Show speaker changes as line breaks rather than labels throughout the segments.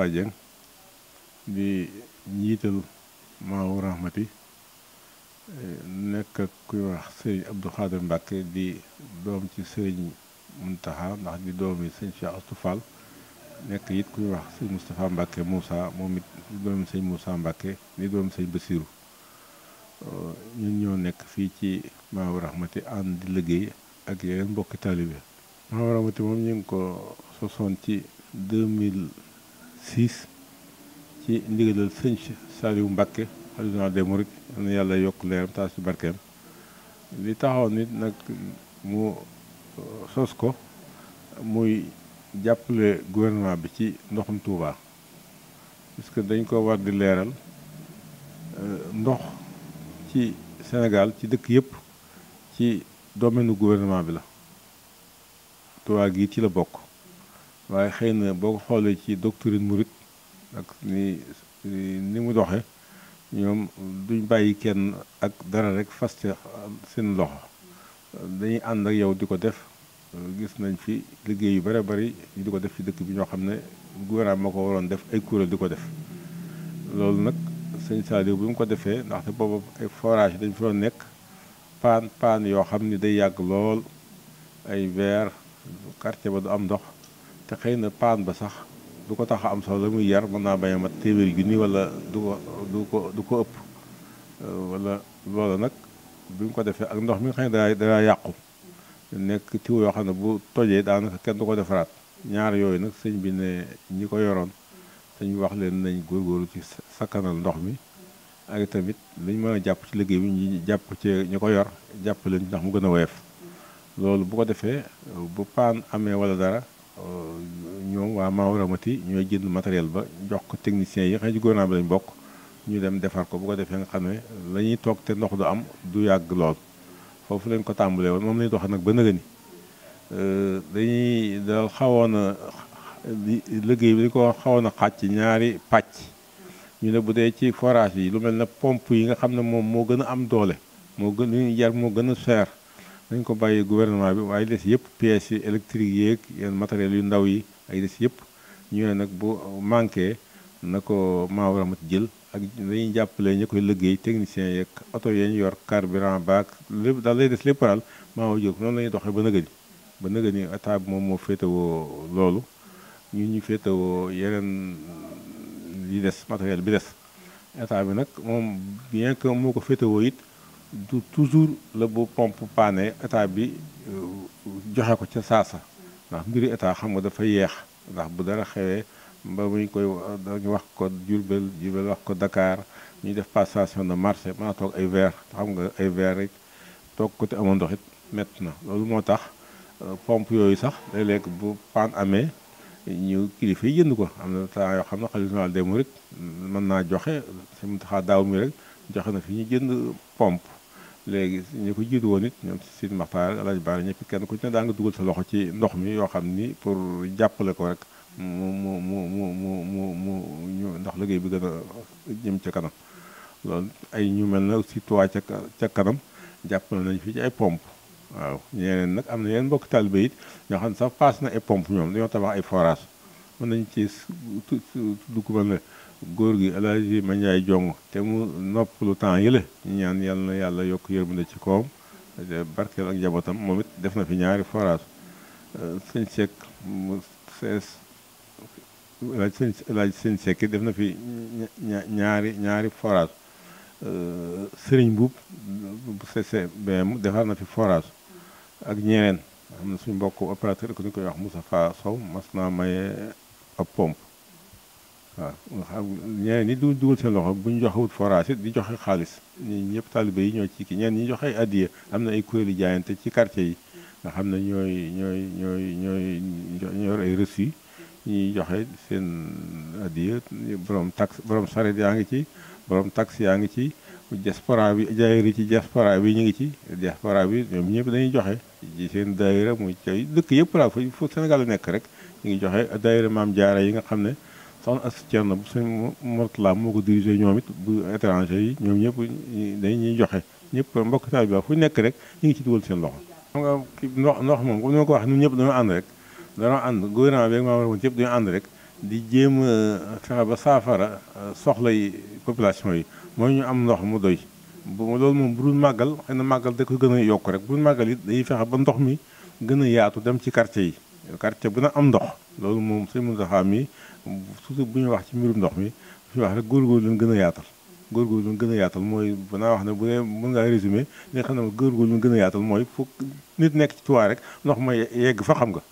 Moustapha Dieng di njiital Maawu Rahmati nekk ak kuy wax sëriñ Abdou Khadir Mbacke di doom ci sëriñ Muntaxa ndax di doomi sëñ Cheikh Astou Fall nekk yit kuy wax sëñ Moustapha Mbacke Moussa moom it di doomi sëñ musa Mbacke di doomi sëñ Basiru ñun ñoo nekk fii ci Maawu Rahmati ànd di liggéey ak yeneen mbokki taalibe Maawu Rahmati moom ñu ko sosoon ci 2000 6 ci ndigalal sëñ Saliou Mbacke xalifa des mourides am na yàlla yokk leeram taas ci barkeem li taxaw nit nag mu uh, sos ko muy jàppale gouvernement bi ci ndoxum Touba parce que dañ ko war di leeral uh, ndox ci Sénégal ci dëkk yëpp ci domaine gouvernement bi la Touba gi ci la bokk waaye xëy na boo ko xoolee ci doctrine murit ak ni ni mu doxe ñoom duñ bàyyi kenn ak dara rek fas ca seen loxo dañuy ànd ak yow di ko def gis nañ fi liggéey yu bare bari ñu di ko def ci dëkk bi ñoo xam ne gouvernement moo ko waroon def ay kuréel di ko def loolu nag sëñ Saliou bi mu ko defee ndaxte boobu ay forage dañ fi doon nekk paan paan yoo xam ni day yàgg lool ay verre quartier ba du am ndox te xëy na paan ba sax du ko tax a am solo la muy yar mën naa bañ a mat téeméeri junni wala du ko du ko du ko ëpp euh, wala loola nag bi mu ko defee ak ndox mi nga xam ne daa daa nekk tiw yoo xam ne bu tojee daanaka kenn du ko defaraat ñaar yooyu nag sëñ bi ñi ko yoroon sëñ wax leen nañ góor góorgóorlu ci sakkanal ndox mi ak tamit lu ñu mën a jàpp ci liggéey bi ñu jàpp ci ñu ko yor jàpp leen ndax mu gën a woyof loolu bu ko defee bu paan amee wala dara ñoom waa Maodo ñooy jënd matériel ba jox ko techniciens yi xëy na gouvernement bi lañu bokk ñu dem defar ko bu defee nga xam ne lañuy toog te ndox du am du yàgg lool foofu lañ ko tàmbalee woon moom lañu doxal nag ba nëgë ni euh, dañuy da xawoon a liggéey bi dañ ko xawoon a xàcc ñaari pàcc ñu ne bu dee ci forage yi lu mel ne pompe yi nga xam ne moom moo gën a am doole moo gën li ñuy jar moo gën a seer nañ ko bàyyi gouvernement bi waaye des yëpp pièces yi électrique yeeg yenn matériels yu ndaw yi ay des yëpp ñu ne nag bu manqué na ko maa war a mat jël ak dañuy jàppale ñu koy liggéey technicien yeeg oto yi ñu yor carburant baak lépp daal lay des lépp daal maa war a noonu la ñuy doxee ba nëgëni ba nëgëni état bi moom moo féetewoo loolu ñu ñu féetewoo yeneen yi des matériel bi des état bi nag moom bien que moo ko féetewoo it. du toujours la bu pompe paane état bi euh, joxe ko ca saasa ndax mbiri état xam nga dafa yeex ndax bu dara xewee ba muy koy dañu wax ko Jurbel Jurbel wax ko dakaar ñu def passation de marché mën a toog ay verre xam nga ay verre rek toog ko te amoon ndox it na loolu moo tax euh, pompe yooyu sax léeg-léeg bu paan amee ñu kilifa yi jënd ko am na temps yoo xam ne xalifa général des mourides mën naa joxe si mu taxaa daaw mi rek joxe na fi ñu jënd pomp léegi ñi ko jiitu woon it ñoom Sidi Maxtaar El Hadj Baara ñëpp kenn ku ci ne daa nga dugal sa loxo ci ndox mi yoo xam ni pour jàppale ko rek mu mu mu mu mu mu ñu ndax liggéey bi gën ca kanam loolu ay ñu mel na surtout waa ca ca kanam jàppale nañ fii ci ay pompe waaw ñeneen nag am na yeneen mbokk taalibe it ñoo xam ne sax paas na ay pompe ñoom dañoo tabax ay forage mën nañ ci dugg mën na góor gi El Hadj Mandiaye Jong te mu nopp lu temps yële ñaan yal na yàlla yokk yërmande ci kawam barkeel ak njabootam moom it def na fi ñaari forage euh, sëñ Seck mu sees El na fi ñaari ñaari forage euh, Serigne Mbuub bu CCBM defar na fi forage ak ñeneen xam na suñu mbokk opérateur économique koy wax Moussa Fass Sow mas naa maye ab pompe. waaw ñeneen ñi du dugal seen loxo bu ñu joxewut forage di joxe xaalis ñi ñëpp taalibe yi ñoo ci ki ñeneen ñi joxe ay am na ay kuréelu jaayante ci karte yi nga xam ne ñooy ñooy ñooy ñooy ñooy ay yi ñuy joxe seen addiya borom tax borom saret yaa ngi ci borom tax yaa ngi ci diaspora bi daayira ci diaspora bi ñu ngi ci diaspora bi ñëpp dañuy joxe ci seen daayira mu dëkk yëpp laa fa fu Sénégal nekk rek ñu ngi joxe daayira maam jaara yi nga xam ne son as Thierno bu sëñ Mourtala moo ko dirigé ñoom it bu étranger yi ñoom ñëpp dañ ñuy joxe ñëpp mbokk taal bi fu nekk rek ñu ngi ci dugal seen loxo. xam nga ndox ndox moom comme ni ko wax ñun ñëpp dañoo ànd rek dañoo ànd gouvernement bi ak maa woon ñëpp rek di jéem a fexe ba saafara euh, soxla yi yi mooy ñu am ndox mu doy. bu loolu moom bu dul màggal xëy na màggal da ko gën a yokk rek bu dul dañuy fexe ba ndox mi gën a yaatu dem ci quartier yi quartier bu na am ndox loolu moom sëñ Mountakha mi surtout bu ñu wax ci mbirum ndox mi bu ñu wax rek góorgóorlu leen gën a yaatal góorgóorlu gën a yaatal mooy banaa wax ne bu dee mën ngaa résumé li nga xam ne góorgóorlu leen gën a yaatal mooy foog nit nekk ci rek ndox mooy yegg fa xam nga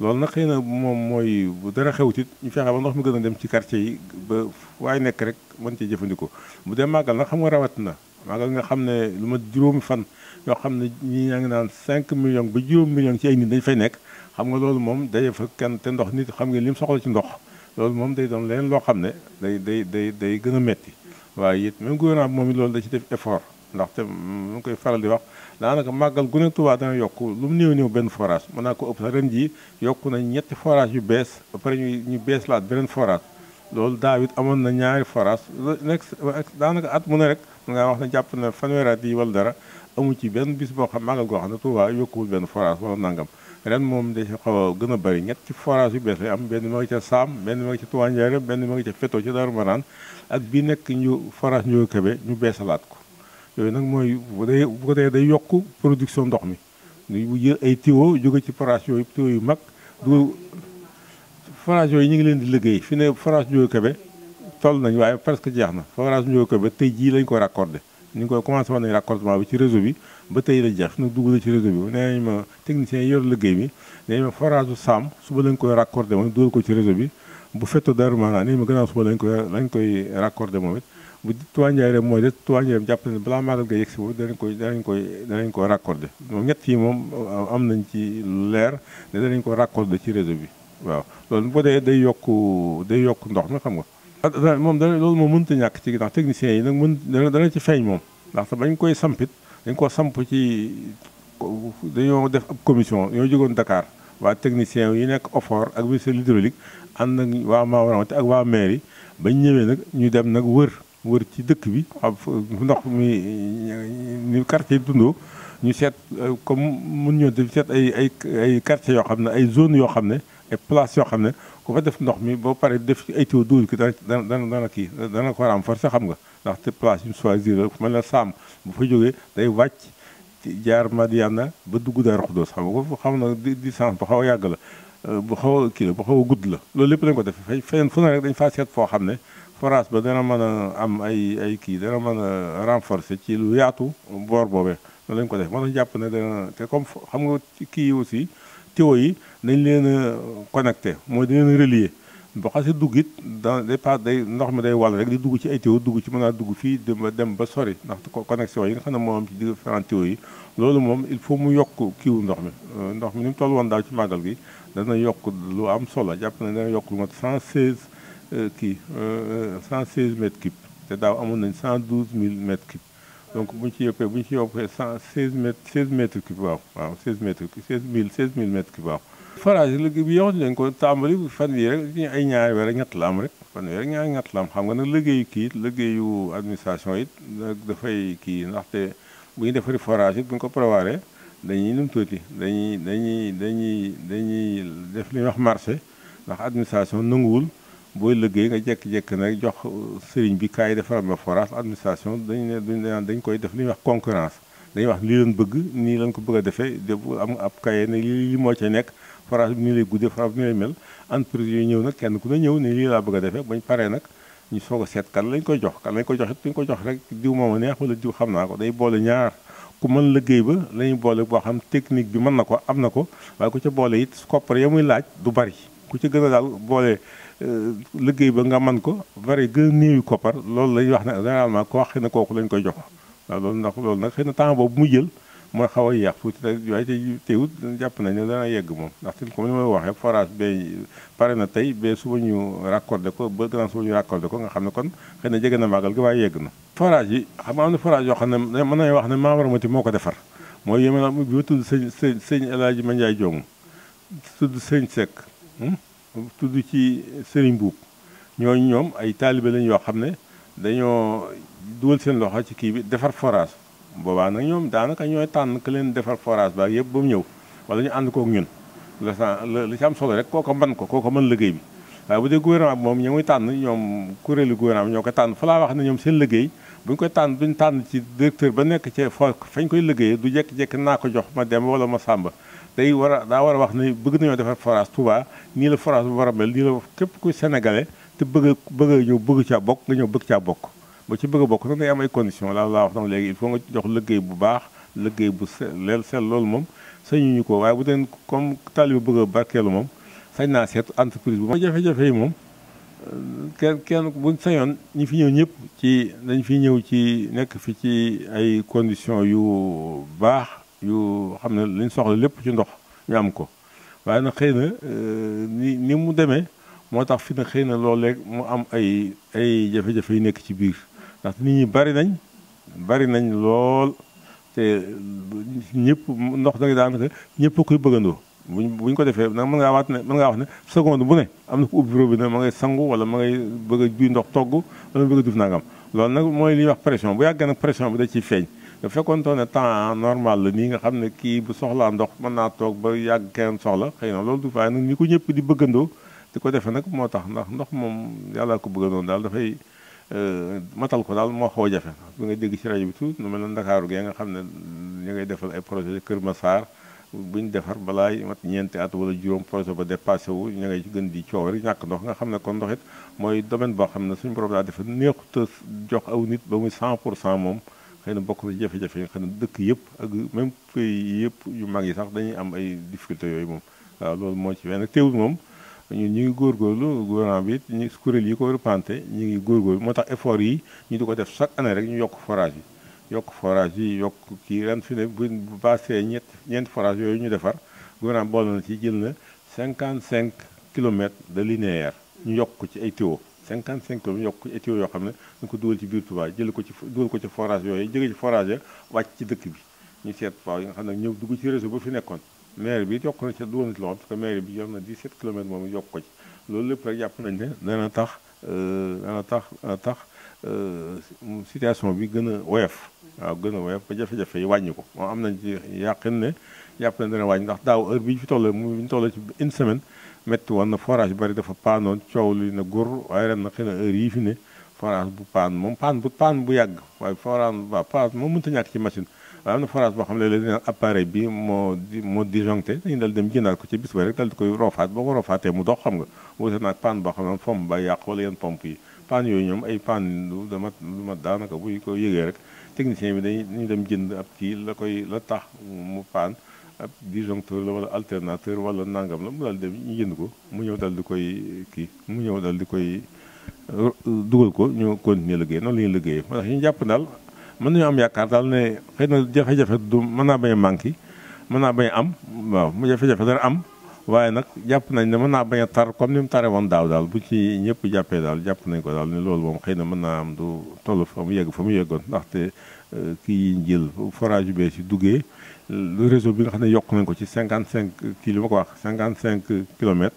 loolu nag xëy na moom mooy bu dara xewtit ñu fexe ba ndox mi gën a dem ci quartier yi ba waaye nekk rek mën cee jëfandikoo bu dee màggal nag xam nga rawat na màggal nga xam ne lu ma juróomi fan yoo xam ne ñi ñaa ngi naan 5 millions ba juróomi millions ci ay nit dañ fay nekk xam nga loolu moom daje fa kenn te ndox nit xam nga li mu soxla ci ndox loolu moom day doon leen loo xam ne day day day day gën a metti waaye it même gouvernement bi moom it loolu da ci def effort ndaxte mu ngi koy faral di wax daanaka màggal gu ne Tuubaa dana yokk lu mu néew néew benn forage mën naa ko ëpp ren jii yokk nañ ñetti forage yu bees ba pare ñu ñu bees laat beneen forage loolu daaw it amoon na ñaari forage nekk daanaka at mu ne rek mun ngaa wax ne jàpp na fanweeraat yi wala dara amu ci benn bis boo xam màggal goo xam ne Tuubaa yokkuwul benn forage wala nangam ren moom da ci xaw a gën a bëri ñetti forage yu bees lay am benn ma ngi ca Saam benn ma ngi ca Touba Ndiarème benn ma ngi ca Feto ca Darou Marane ak bii nekk ñu forage ñu kebe ñu beesalaat ko yooyu nag mooy bu dee bu day yokk production ndox mi ñu jël ay tuyaux jóge ci forage yooyu tuyaux yu mag du forage yooyu ñu ngi leen di liggéey fi ne forage ñu Kébé toll nañ waaye presque jeex na forage ñu Kébé tey jii lañ ko raccordé ñu ngi koy commencé woon nañu raccordement bi ci réseau bi ba tey la jeex nag dugg na ci réseau bi nee nañ ma technicien yi yor liggéey bi nee nañ ma forage su saam suba lañ koy raccordé moom dugal ko ci réseau bi bu fettoo Darou Maanaa nee nañ ma gannaaw suba lañ koy lañ koy raccordé moom it bu Touba Ndiarème mooy de Touba Ndiarème jàpp ne balaa Magal ga yegg si boobu danañ koy danañ koy danañ ko raccordé moom ñett yi moom am nañ ci leer ne danañ ko raccordé ci réseau bi waaw loolu boo dee day yokk day yokk ndox mi xam nga moom dana loolu moom mënta ñàkk ci ndax techniciens yi nag mën dana dana ci feeñ moom ndax bañ koy sampit dañ koo samp ci dañoo def ab commission ñoo jógoon Dakar waa technicien yi nekk OFOR ak ministère l'hydraulique ànd ak waa Maodo ak waa yi bañ ñëwee nag ñu dem nag wër wër ci dëkk bi ab ndox mi ni quartier yi dundoo ñu seet comme mun ñoo def seet ay ay ay quartiers yoo xam ne ay zones yoo xam ne ay place yoo xam ne ku fa def ndox mi boo paree def ci ay taw duul ki dana dana dana kii dana ko war a am force xam nga ndaxte place yu choisir la fu mel ne Sàmm bu fa jógee day wàcc jaar Madiana ba dugg Daaru Xudoos xam nga ko xam na distance bu xaw a yàgg la euh, bu xaw a kii la bu xaw a gudd la loolu lépp dañ ko def feneen fu ne rek dañ fa seet foo xam ne forage ba dana mën a am ay ay kii dana mën a renforcer ci lu yaatu boor boobee loolu lañ ko def mën a jàpp na dana te comme xam nga kii aussi tuyaux yi nañ leen a connecté mooy di leen a relier boo xasee dugg it dans des part day ndox mi day wal rek di dugg ci ay tuyaux dugg ci ma a dugg fii dem ba dem ba sori ndax connexion yi nga xam ne moo am ci différents tuyaux yi loolu moom il faut mu yokk kiiwu ndox mi euh, ndox mi ni mu toll woon daaw ci màggal gi dana yokk lu am solo jàpp na dana yokk lu cent 116 euh, kii 116 euh, mètres cubes te daaw amoon nañ 112 000 mètres cubes donc bu ñu ci yokkee bu ñu ci yokkee cent seize mètres seize mètres cubes waaw waaw seize mètres seize mille seize mille mètres cubes waaw. forage liggéey bi yow dañ ko tàmbali fan yii rek ñu ay ñaari weer ñett la am rek fan yii rek ñaari ñett la am xam nga nag liggéeyu kii liggéeyu administration it dafay kii ndaxte bu ñu defari forage it bu ñu ko prévoir dañuy num dañuy dañuy dañuy dañuy def li wax marché ndax administration nanguwul. booy liggéey nga jekk-jekk nag jox euh, sëriñ bi kaay defaral ma forage administration dañ ne dañ dañ koy def li wax concurrence dañ wax lii leen bëgg nii lañ ko bëgg a defee am ab kaye ne li moo ca nekk forage bi nii lay guddee forage bi nii lay ñëw nag kenn ku ne ñëw ne lii laa bëgg a bañ paree ñu soog seet kan lañ koy jox kan lañ koy jox it duñ ko jox rek diw mooma neex wala diw xam naa ko day boole ñaar ku mën liggéey ba la ñuy boole boo xam technique bi mën na ko am na ko waaye ku ca boole it koppar ya muy laaj du bari ku ci gën a daal boole Euh, liggéey ba nga man ko bari gën a néewi koppar loolu lañuy wax ne généralement ko wax xëy na kooku lañ koy jox waaw loolu ndax loolu nag xëy na temps boobu mu jël mooy xaw a yéex tuuti te waaye te teewut jàpp nañ ne dana yegg moom ndax tin comme ni may waxee forage bee na tey bee ñu raccordé ko ba gannaaw suba ñu ko nga xam ne kon xëy na na màggal gi waaye yegg na forage yi xam nga am na forage yoo xam mën nañu wax ne Maamar Mati moo ko defar mooy yéme na bi ma tudd sëñ sëñ sëñ El Hadji Mandiaye Diomu tudd sëñ Seck hmm? tudd ci Serigne Buub ñooñu ñoom ay taalibe lañ yoo xam ne dañoo dugal seen loxo ci kii bi defar forage boobaa nag ñoom daanaka ñooy tànn ku leen defar forage baa yëpp ba mu ñëw wala ñu ànd kook ñun la sa la ci am solo rek kooko mën ko kooko man liggéey bi waaye bu dee gouvernement bi moom ñoo muy tànn ñoom kuréelu gouvernement bi ñoo ko tànn fa laa wax ne ñoom seen liggéey bu ñu koy tànn duñ tànn ci directeur ba nekk ci foo fañ koy liggéeyee du jekk-jekk naa ko jox ma dem wala ma sàmba day war a daa war a wax ne bëgg nañoo defar forage Touba nii la forage bu war a mel nii la wax képp ku sénégalais te bëgg bëgg a ñëw bëgg caa bokk nga ñëw bëgg caa bokk ba ci bëgg a bokk nag day am ay conditions la laa wax nag léegi il faut nga jox liggéey bu baax liggéey bu se leel sel loolu moom sañuñu ko waaye bu deen comme taalibe bëgg a barkeelu moom sañ naa seet entreprise bu ma jafe-jafe yi moom kenn kenn buñ sañoon ñi fi ñëw ñëpp ci dañ fi ñëw ci nekk fi ci ay conditions yu baax yu xam ne liñ soxla lépp ci ndox ñu am ko waaye nag xëy na euh, ni ni mu demee moo tax fi na xëy na loolu léeg mu am ay ay jafe-jafe yu nekk ci biir ndax nit ñi bari nañ bari nañ lool te ñëpp ndox da daan daanaka ñëpp koy bëggandoo buñ ñu ko defee nag mën ngaa waat ne mën ngaa wax ne seconde bu ne am na ko ubbi robinet ma ngay sangu wala ma ngay bëgg a juy ndox togg wala ma bëgg a duuf nangam loolu nag mooy li ñuy wax pression bu yàggee nag pression bi da ciy feeñ bu fekkoonte ne temps normal la nii nga xam ne kii bu soxlaa ndox mën naa toog ba yàgg kenn soxla xëy na loolu du faay nag ni ko ñëpp di bëggandoo di ko defee nag moo tax ndax ndox moom yàllaa ko bëggandoo daal dafay euh, matal ko daal moo xaw a jafe bi nga dégg ci rajo bi tuuti nu mel na Ndakaaru gee nga xam ne ñu ngay defal ay projet Kër Massar bu ñu defar balaay mat ñeenti at wala juróom projet ba dépassé wu ñu ngay gën di coow rek ñàkk ndox nga xam ne kon ndox it mooy domaine boo xam ne suñu borom daa dafa neexut a jox aw nit ba muy 100 cent moom xëy na bokk na jafe-jafe nga xam ne dëkk yëpp ak même pays yëpp yu mag yi sax dañuy am ay difficultés yooyu moom waaw loolu moo ci benn teewul moom ñun ñu ngi góorgóorlu gouvernement bi ñu kuréel yi ko représenté ñu ngi góorgóorlu moo tax effort yi ñu di ko def chaque année rek ñu yokk forage yi yokk forage yi yokk kii ren fi ne bu bu baasee ñett ñeenti forage yooyu ñu defar gouvernement boole na ci jël na cinq kilomètres de linéaire ñu yokk ci ay tuyaux 55 kilomètres yokk ci étio yoo xam ne dañ ko dugal ci biir Touba jëlee ko ci dugal ko ci forage yooyu jóge ci forage ya wàcc ci dëkk bi ñu seet waaw yi nga xam ne ñëw dugg ci réseau ba fi nekkoon maire bi yokk na ci dugal na ci loxoom parce que maire bi yor na 17 kilomètres yokk ko ci loolu lépp rek jàpp nañ ne dana tax euh, dana tax dana tax euh, situation bi gën a woyof waaw gën a woyof ba jafe-jafe yi wàññi ko moom am nañ ci yàqin ne jàpp na dana wàññi ndax daaw heure bi ñu fi toll mu ñu toll ci une semaine métti woon na forage bari dafa paanoon coow li na góor waaye ren na xëy na yii fi ne forage bu paan moom paan bu paan bu yàgg waaye forage ba paan moom mënut a ci machine waaye forage boo xam ne léeg-léeg appareil bi moo moo disjoncté dañu dal dem jëndaat ko ci bis ba rek dal di koy roofaat boo ko roofaatee mu dox xam nga wute naag paan boo xam ne pompe ba yàq wala yenn pompe yi paan yooyu ñoom ay paan du dama du ma daanaka buy ko yëgee rek technicien bi dañuy dem jënd ab kii la koy la tax mu paan ab disjoncteur la wala alternateur wala nangam la mu daal dem ñu jënd ko mu ñëw daal di koy kii mu ñëw daal di koy euh, dugal ko ñu continuer liggéey noonu la liggéey moo tax ñu jàpp daal mën nañu am yaakaar daal ne xëy na jafe du mën naa bañ manqué mën naa bañ am waaw mu jafe-jafe am waaye nag jàpp nañ ne mën naa bañ tar comme ni mu tare woon daaw daal bu ci ñëpp jàppee daal jàpp nañ ko daal ne loolu moom xëy na mën naa am du toll fa mu yegg fa mu yeggoon ndaxte euh, kii yi jël forage bee si duggee le réseau bi nga xam ne yokk nañ ko ci 55 kii li ma ko wax 55 kilomètres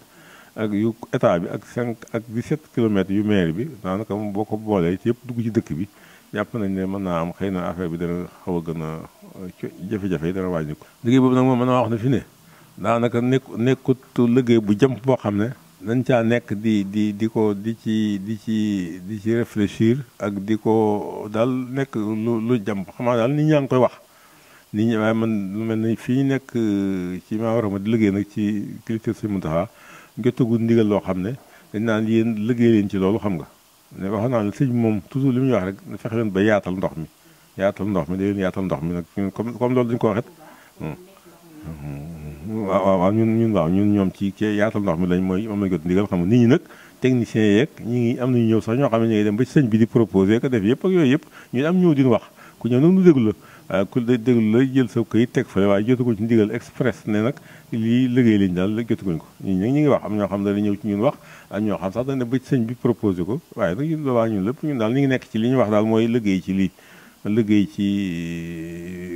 ak yu état bi ak 5 ak 17 kilomètres yu maire bi daanaka moom boo ko boolee ci yëpp dugg ci dëkk bi jàpp nañ ne mën naa am xëy na affaire bi dana xaw a gën a euh, jafe-jafe yi dana wàññi ko. liggéey boobu nag moom mën wax ne fi ne daanaka nekk nekkut liggéey bu jëm boo xam ne. dañ caa nekk di di di ko di ci di ci di ci ak di ko daal nekk lu lu jàmp xamaa daal nit ñaa ngi koy wax nit ñi waaye man lu mel ni fii nekk euh, ci maa war ma di liggéey nag ci culture Sëñ Muntaxa jotagul ndigal loo xam ne dañ naan yéen liggéey leen ci loolu xam nga ne wax naa ne sëñ moom toujours li mu wax rek na fexe leen bay yaatal ndox mi yaatal ndox mi da leen ndox mi nag comme comme loolu dañu ko waxet hmm. hmm. waaw waaw ñun ñun waaw ñoom ci ci yaatal ndox mi lañ mooy moom lañ jot ndigal xam nga nit ñi nag techniciens yeeg ngi am nu ñëw sax ñoo xam ne ñu ngi dem ba ci sëñ bi di proposé def yëpp ak yooyu yëpp ñu am ñëw din wax ku ñëw nag nu déglu la Euh, ku day déglu la jël sa kayit teg fële waaye jotaguñ ci ndigal express ne nag lii liggéey lañ daal jotaguñ ko ñun nag ñu ngi wax am ñoo xam ne dañu ñëw ci ñun wax ak ñoo xam sax dañ ne ba waaye nag ñun boobaa ñun lépp ñun daal ñu ngi nekk ci li ñu wax daal mooy liggéey ci lii liggéey ci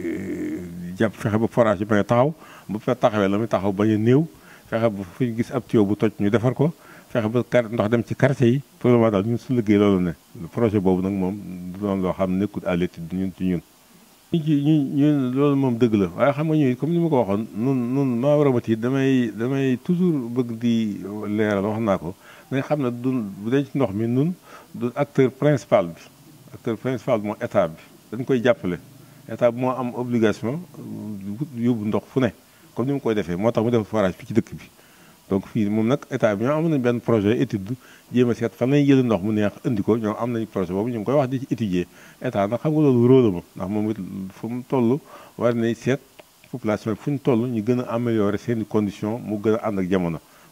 euh, jàpp fexe ba forage yi bañ taxaw bu fa taxawee la muy taxaw bañ a néew fexe ba fu ñu gis ab tuyau bu toj ñu defar ko fexe ba kar ndox dem ci quartier yi pour le moment daal ñun su liggéey loolu ne projet boobu nag moom doon loo xam nekkul à l'étude ñun ci ñun ñu ñu loolu moom dëgg la waaye xam nga ñuy comme ni ma ko waxoon nun nun maa war a mat yi damay damay toujours bëgg di leeral wax naa ko dañ xam ne du dee ndox mi nun du acteur principal bi acteur principal bi mooy état bi dañ koy jàppale état bi moo am obligation yóbbu ndox fu ne comme ni mu koy defee moo tax mu def forage fii ci dëkk bi donc fii moom nag état bi ñoo amoon nañ benn projet étude jéem a seet fan lañuy jël ndox mu neex indi ko ñoom am nañu projet boobu ñu ngi koy wax di ci étudier état nag xam nga loolu rôle ma ndax moom it fu mu toll war nañ seet population bi fu ñu toll ñu gën a améliorer seeni condition mu gën a ànd ak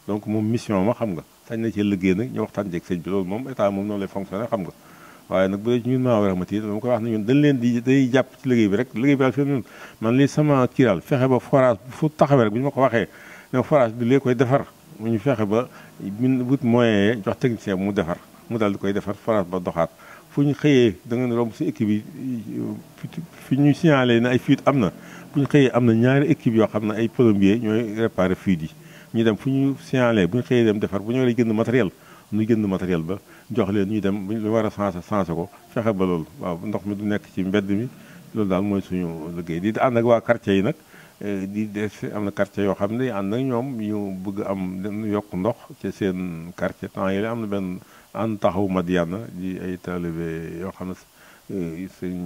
donc moom mission ma xam nga sañ na cee liggéey nag ñu waxtaan jeeg sëñ bi loolu moom état moom noonu lay fonctionner xam nga waaye nag bu dee ñun maa war a xamante dama koy wax ne ñun dañ leen di day jàpp ci liggéey bi rek liggéey bi daal fi ñun man li sama kiiraal fexe ba forage fu taxawee bu ñu ma ko waxee ne bi lee koy defar mu ñu fexe ba mun wut moyen jox technicien mu defar mu daal di koy defar France ba doxaat fu ñu xëyee da nga ne romb si équipe yi fi ñu signalé ne ay fuite am na fu ñu xëyee am na ñaari équipe yoo xam ne ay plombier ñooy réparé fuite yi ñu dem fu ñu signalé bu ñu xëyee dem defar bu ñu lay gënd matériel nu gënd matériel ba jox leen ñu dem lu war a sensé sensé ko fexe ba loolu waaw ndox mi du nekk ci mbedd mi loolu daal mooy suñu liggéey di ànd ak waa quartier yi nag Euh, di des am na quartier yoo xam ne ànd nag ñoom ñu bëgg am yokk ndox ci seen quartier temps yii am na benn ànd taxawu Madiana di ay talibé yoo xam ne seen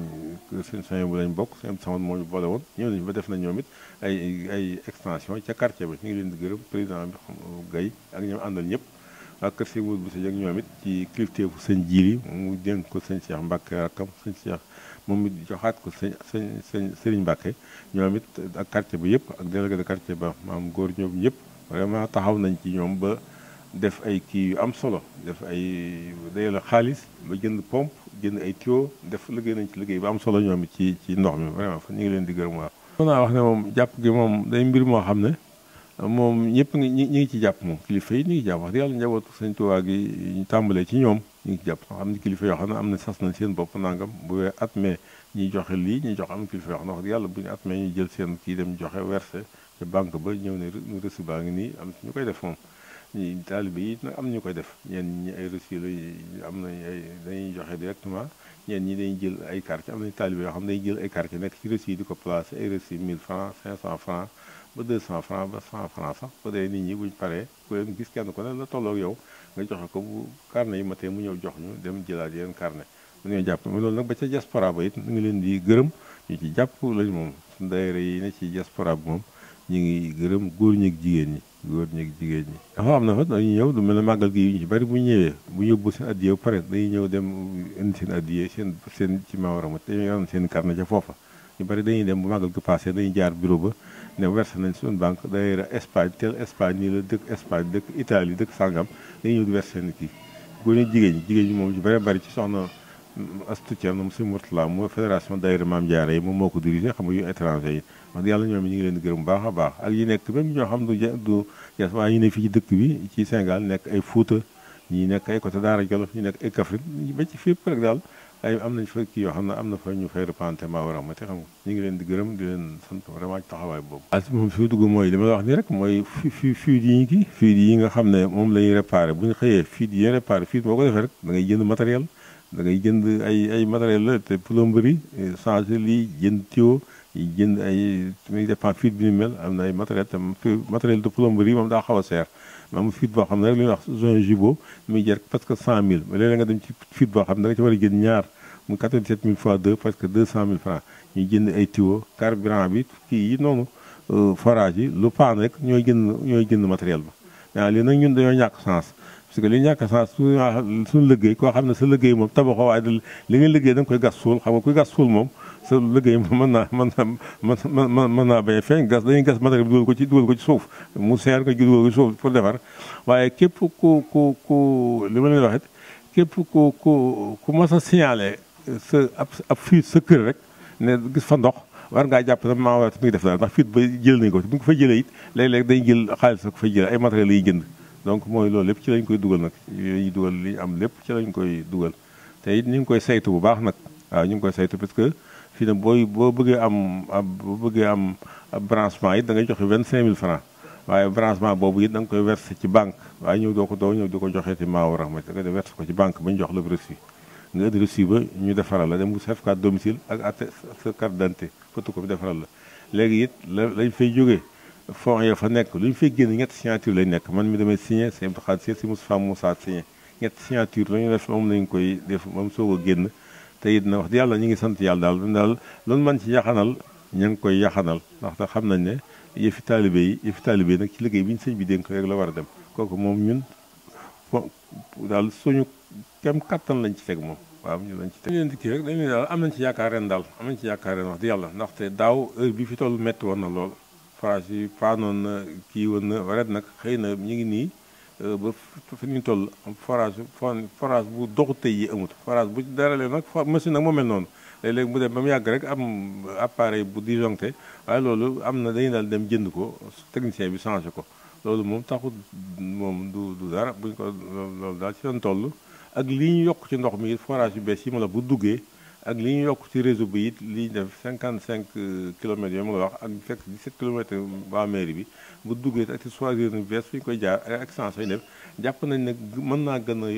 euh, seen sëñ bu lañ bokk seen sama moo ñu boole woon ñëw nañu ba def na ñoom it ay ay extension ca quartier ba ñu ngi leen di gërëm président bi euh, gay ak ñoom àndal ñëpp ak kër si wut bu si ak ñoom it ci kilifteefu sëñ Jiili mu dénk ko sëñ Cheikh Mbacke rakam sëñ Cheikh. moom it joxaat ko sëñ sëñ sëñ Serigne ñoom it ak quartier bi yëpp ak délégué de quartier ba maam góor ñoom ñëpp vraiment taxaw nañ ci ñoom ba def ay kii yu am solo def ay dayal xaalis ba jënd pompe jënd ay tuyau def liggéey nañ ci liggéey ba am solo ñoom it ci ci ndox mi vraiment fa ñu ngi leen di gërëm waaw. mën naa wax ne moom jàpp gi moom day mbir moo xam ne moom ñëpp ñi ngi ci jàpp moom kilifa yi ñu ngi jàpp wax dëgg yàlla njabootu sëñ Tuubaa gi ñu tàmbalee ci ñoom. ñu ngi jàpp sax am kilifa yoo xam ne am na sas na seen bopp nangam bu joxe lii ñuy joxe am kilifa yoo xam yàlla bu ñu at ñuy jël seen kii dem joxe versé te banque ba ñëw ne reçu baa ngi nii am ñu koy def moom ñi taalibe am ñu koy def ñeen ñi ay reçu la am nañ ay dañuy joxe directement ñeen ñi dañuy jël ay carte am nañ taalibe yoo xam ne dañuy jël ay carte nekk ci reçu yi di ko placé ay reçu 1000 francs cent francs ba 200 francs ba 100 francs sax bu dee nit ñi buñ paree ku leen gis kenn ko ne la tolloog yow nga joxe ko bu carnet yi matee mu ñëw jox ñu dem jëlaat yeneen carnet mu ñoo jàpp loolu nag ba ca diaspora ba it ñu ngi leen di gërëm ñu ci jàpp lañ moom suñu daayira yi ne ci diaspora bi moom ñu ngi gërëm góor ñeeg jigéen ñi góor ñeeg jigéen ñi dafa am na fa dañuy ñëw du mel ne màggal gi ñu ci bari bu ñëwee bu yóbbu seen addiye bu pare dañuy ñëw dem indi seen addiye seen seen ci maawaram te ñu am seen carnet ca foofa ñu bari dañuy dem bu màggal gi passé dañuy jaar bureau ba ne versé nañ suñu banque d'ailleurs Espagne tel Espagne nii la dëkk Espagne dëkk Italie dëkk sangam dañuy ñëw versé ni kii góor ñi jigéen jigéen moom ñu bare bëri ci soxna mm, Astou Thierno moom suñu Mourtala moo fédération daayira Maam Jaara yi moom moo ko dirigé xam nga yu étranger yi wax yàlla ñoom ñu ngi leen di gërëm baax a baax ak yi nekk même ñoo xam du du ges waaye ñu ne fii ci dëkk bi ci Sénégal nekk ay Fuuta ñi nekk ay côté Daara Jolof ñu nekk ay Kaffrine ba ci fépp rek daal ay am nañ kii yoo xam ne am na fa ñu fay repente ma war a te xam nga ñu ngi leen di gërëm di leen sant vraiment ci taxawaay boobu. ah fi dugg mooy li ma wax nii rek mooy fi fi fuite yi ñu kii nga xam ne moom la ñuy réparé bu ñu xëyee fuite yi ñuy réparé fuite boo ko defee rek da ngay jënd matériel da ngay jënd ay ay matériel la te plomberie changer lii jënd tuyau jënd ay muy dépend fuite bi ni mel am na ay matériel te matériel de plomberie moom daa xaw a seer. nga am fuite boo xam ne rek li ñuy wax zone jubo muy jar parce que 100000 léeg-léeg nga dem ci fuite boo xam ne rek ci war a jënd ñaar mu 87000 fois 2 parce que 200000 francs ñu jënd ay tuyaux carburant bi kii yi noonu euh, forage yi lu paan rek ñooy jënd ñooy jënd matériel ba waaw lii nag ñun dañoo ñàkk chance parce que li ñàkk chance suñu liggéey koo xam ne sa liggéey moom tabaxoo waaye li nga liggéey da nga koy gas suul xam nga gas suul moom sa liggéey mën naa mën naa mën naa bañ a feeñ gas dañuy gas matériel bi dugal ko ci dugal ko ci suuf mu seer nga dugal ko ci suuf pour defar waaye képp ku ku ku li ma leen waxit képp ku ku ku mas a signalé sa ab ab sa kër rek ne gis fa ndox war ngaa jàpp sa maa war mi ngi def dara ndax fiit ba jël nañ ko bu ko fa jëlee it léeg-léeg dañ jël xaalis ko fa jëlee ay matériels yi jënd donc mooy lool lépp ci lañ koy dugal nag ñu dugal li am lépp ci lañ koy dugal te ñu ngi koy saytu bu baax nag waaw ñu ngi koy saytu parce que fii nag booy boo bëggee am boo bëggee am branchement it da ngay joxe vint cinq mille francs waaye branchement boobu it da nga koy verse ci banque waaye ñëw doo ko doo ñëw ko joxee ci maaw rahmat da nga verse ko ci banque ba ñu jox la reçu nga indi reçu ba ñu defaral la dem nga certificat domicile ak at sa carte d'identité photocopie defaral la léegi it la lañ fay jógee fonds ya fa nekk lu ñu fay génn ñett signature lañ nekk man mi damay signé si Abdou Khadre si Moussa Moussa signature la ñu def moom lañ koy moom soog a génn te it na wax di yàlla ñu ngi sant yàlla daal dañ daal loolu man ci yaxanal ña ngi koy yaxanal ndaxte xam nañ ne yëfi taalibe yi yëfi taalibe yi nag ci liggéey bi ñu sëñ bi dénk rek la war a dem kooku moom ñun daal suñu kem kattan lañ ci teg moom waaw ñu lañ ci teg leen am nañ ci yaakaar ren daal am nañ ci yaakaar ren wax di yàlla ndaxte daaw heure fi toll métti woon na lool forage yi paanoon na kii woon na waret nag xëy na ñu ngi nii Euh, ba fi ñu toll forage forage bu doxu tey yi amut forage bu daralee nag machine nag moo mel noonu léeg-léeg mu dem ba yàgg rek am appareil bu disjoncté loolu am na dañuy daal dem jënd ko technicien bi changé ko loolu moom taxut moom du dara buñ ko loolu daal ci doon toll ak lii ñu yokk ci ndox mi forage yu bees yi ma la bu duggee ak li ñu yokk ci réseau bi it li ñu def cinq euh, kilomètres yoo mu nga wax ak fekk 17 kilomètres waa mairie bi bu duggee ak ci choisir ni bees fi ñu koy jaar ak extension yi def jàpp nañ ne mën naa gën a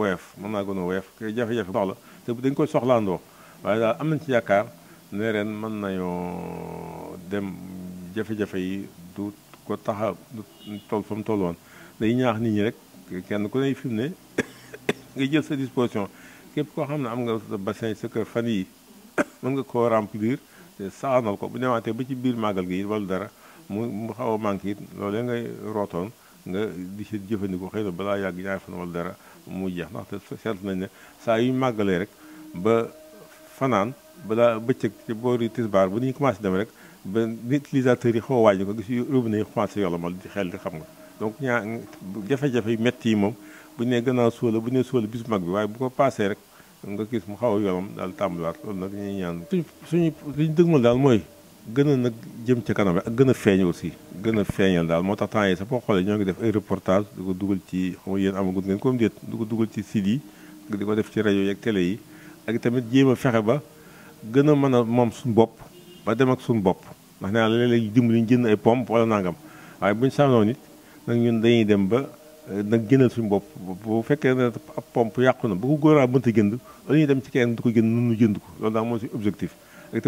weef mën naa gën a woyof jafe-jafe soxla te dañ koy soxlaandoo waaye am nañ ci yaakaar ren mën nañoo dem jafe yi du ko tax a toll fa mu tolloon day ñaax nit ñi rek kenn ku ne fi ne nga jël sa disposition képp koo xam ne am nga bassin sa kër fan yi mën nga koo remplir te saxanal ko bu demaatee ba ci biir màggal gi it wala dara mu mu xaw a manqué it loolu ngay rootoon nga di si jëfandikoo xëy na balaa yàgg ñaari fan wala dara mu jeex ndaxte seetlu nañ ne saa yu màggalee rek ba fanaan balaa bëccëg ci boori tisbaar bu ñuy commencé dem rek ba ni utilisateurs yi xaw a wàññi ko gis robinet yi commencé yolomal di xel di xam nga donc ñaa jafe-jafe yu metti yi moom bu ñu nee gannaaw bu ñu nee sóola bis mag bi waaye bu ko paasee rek nga gis mu xaw a yorom daal tàmbaliwaat loolu nag ñuy ñaan suñ suñu dëgmal daal mooy gën a nag jëm ca kanam ak gën a feeñ aussi gën a feeñal daal moo tax temps yi sa boo xoolee ñoo ngi def ay reportage di ko dugal ci xam nga yéen amagut ngeen comme déet di ko dugal ci site yi di ko def ci rajo yi ak télé yi ak tamit jéem a fexe ba gën a mën a moom suñu bopp ba dem ak suñu bopp ndax nee naa léeg-léeg dimbali ñu jënd ay pompe wala nangam waaye buñ saanoon it nag ñun dañuy dem ba nag génnal suñu bopp bu fekkee ne ab pompe yàqu na bu ko góoraa mënta jënd wala ñuy dem ci keneen du ko jënd nun nu ko loolu daal mooy suñu objectif ak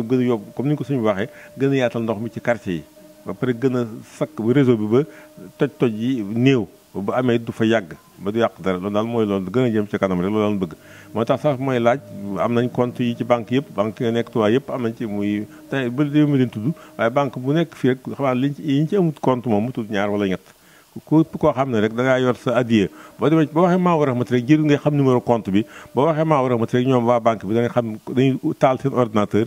comme ni ko suñu waxee gën yaatal ndox mi ci quartier yi ba gën a sakk ba réseau bi ba toj toj yi néew bu amee du fa yàgg ba du yàq dara loolu daal mooy loolu gën a jëm ci kanam rek loolu daal bëgg moo tax sax mooy laaj am nañ compte yi ci banque yëpp banque yi nekk tuwaay yëpp am nañ ci muy tey tudd waaye banque bu nekk fii rek xam naa liñ ci yi ñu ci amut compte moom mu tudd ñaar wala ñett képp koo xam ne rek da ngaa yor sa addiya boo demee boo waxee maamu rahmat rek jël nga xam numéro compte bi ba waxee maamu rahmat rek ñoom waa banque bi da nga xam dañuy taal seen ordinateur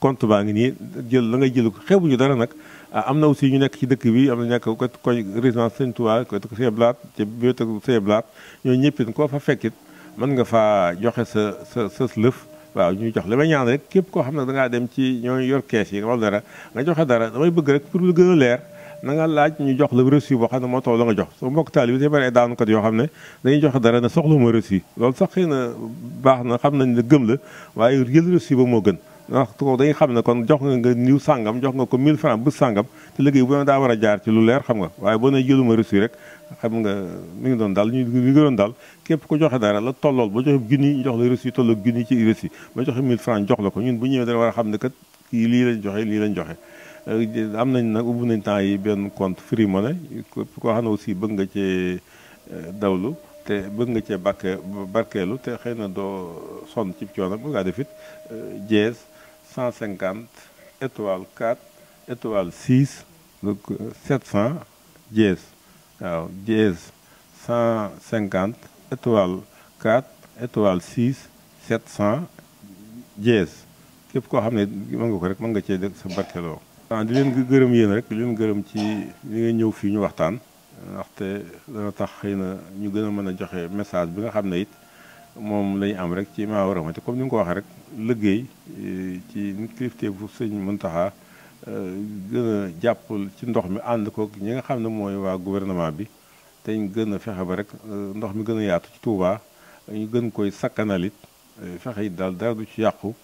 compte baa ngi nii jël la ngay jël ko ñu dara nag ah, am na aussi ñu nekk ci dëkk bi am na nekk ko koy résidence Sëñ Tuubaa ko ko seeblaat ci bibliothèque seeblaat ñoo ñëppit koo fa fekkit mën nga faa joxe sa sa sa lëf waaw ñuy jox li may ñaan rek képp koo xam ne da dem ci ñoo yor kees yi nga dara nga joxe dara damay bëgg rek pour lu gën a leer na laaj ñu jox la reçu boo xam ne moo taw la nga jox so mbokk taali bi dañu bëri ay daanukat yoo xam ne dañuy joxe dara ne soxla ma reçu loolu sax xëy na baax na xam nañ ne gëm la waaye jël reçu ba moo gën ndax ko dañuy xam ne kon jox nga nga niw sàngam jox nga ko 1000 francs bu sàngam te liggéey bu war a jaar ci lu leer xam nga waaye boo ne jëluma reçu rek xam nga mi ngi doon daal ñu ngi doon daal képp ku joxe dara la tollool ba joxe junni ñu jox la reçu tolloo junni ci reçu ba joxe 1000 francs jox la ko ñun bu ñëwee dana war a xam ne kat kii lii lañ joxe lii lañ joxe am nañ nag ubbi nañ temps yi benn compte free money koo xam ne aussi bëgg nga cee euh, dawlu te bëgg nga cee barke barkeelu te xëy na doo sonn ci coono mën ngaa def it jees euh, 150 étoile 4 étoile 6 donc 700 euh, jees waaw jees 150 étoile 4 jees képp koo xam ne nga ko rek mun nga cee def sa barkeeloo waaw di leen gërëm yéen rek di leen gërëm ci li ngeen ñëw fii ñu waxtaan ndaxte dana tax xëy na ñu gën a mën a joxe message bi nga xam ne it moom la am rek ci ma war a te comme ni nga ko waxee rek liggéey eh, ci nit kilifteefu sëñ Muntaxa eh, gën a jàppal ci ndox mi ànd ko ñi nga xam ne mooy waa gouvernement bi te ñu gën a fexe ba rek eh, ndox mi gën a yaatu ci Touba ñu gën koy sakkanalit fexe it daal dara du ci yàqu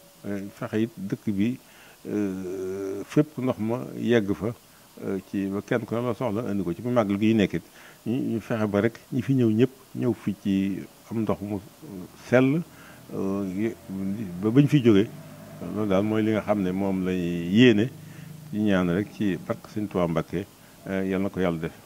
fexe it dëkk bi. Euh, fépp ndox ma yegg fa euh, ci ba kenn ku ne soxla indi ko ci bu màggal gi nekkit ñu fexe ba rek ñu fi ñëw ñëpp ñëw fi ci am ndox mu sell euh, ba bañ fi jógee loolu daal mooy li nga xam ne moom lay yéene ci ñaan rek ci barke Sëñ Tuubaa Mbàkke yal na ko yàlla def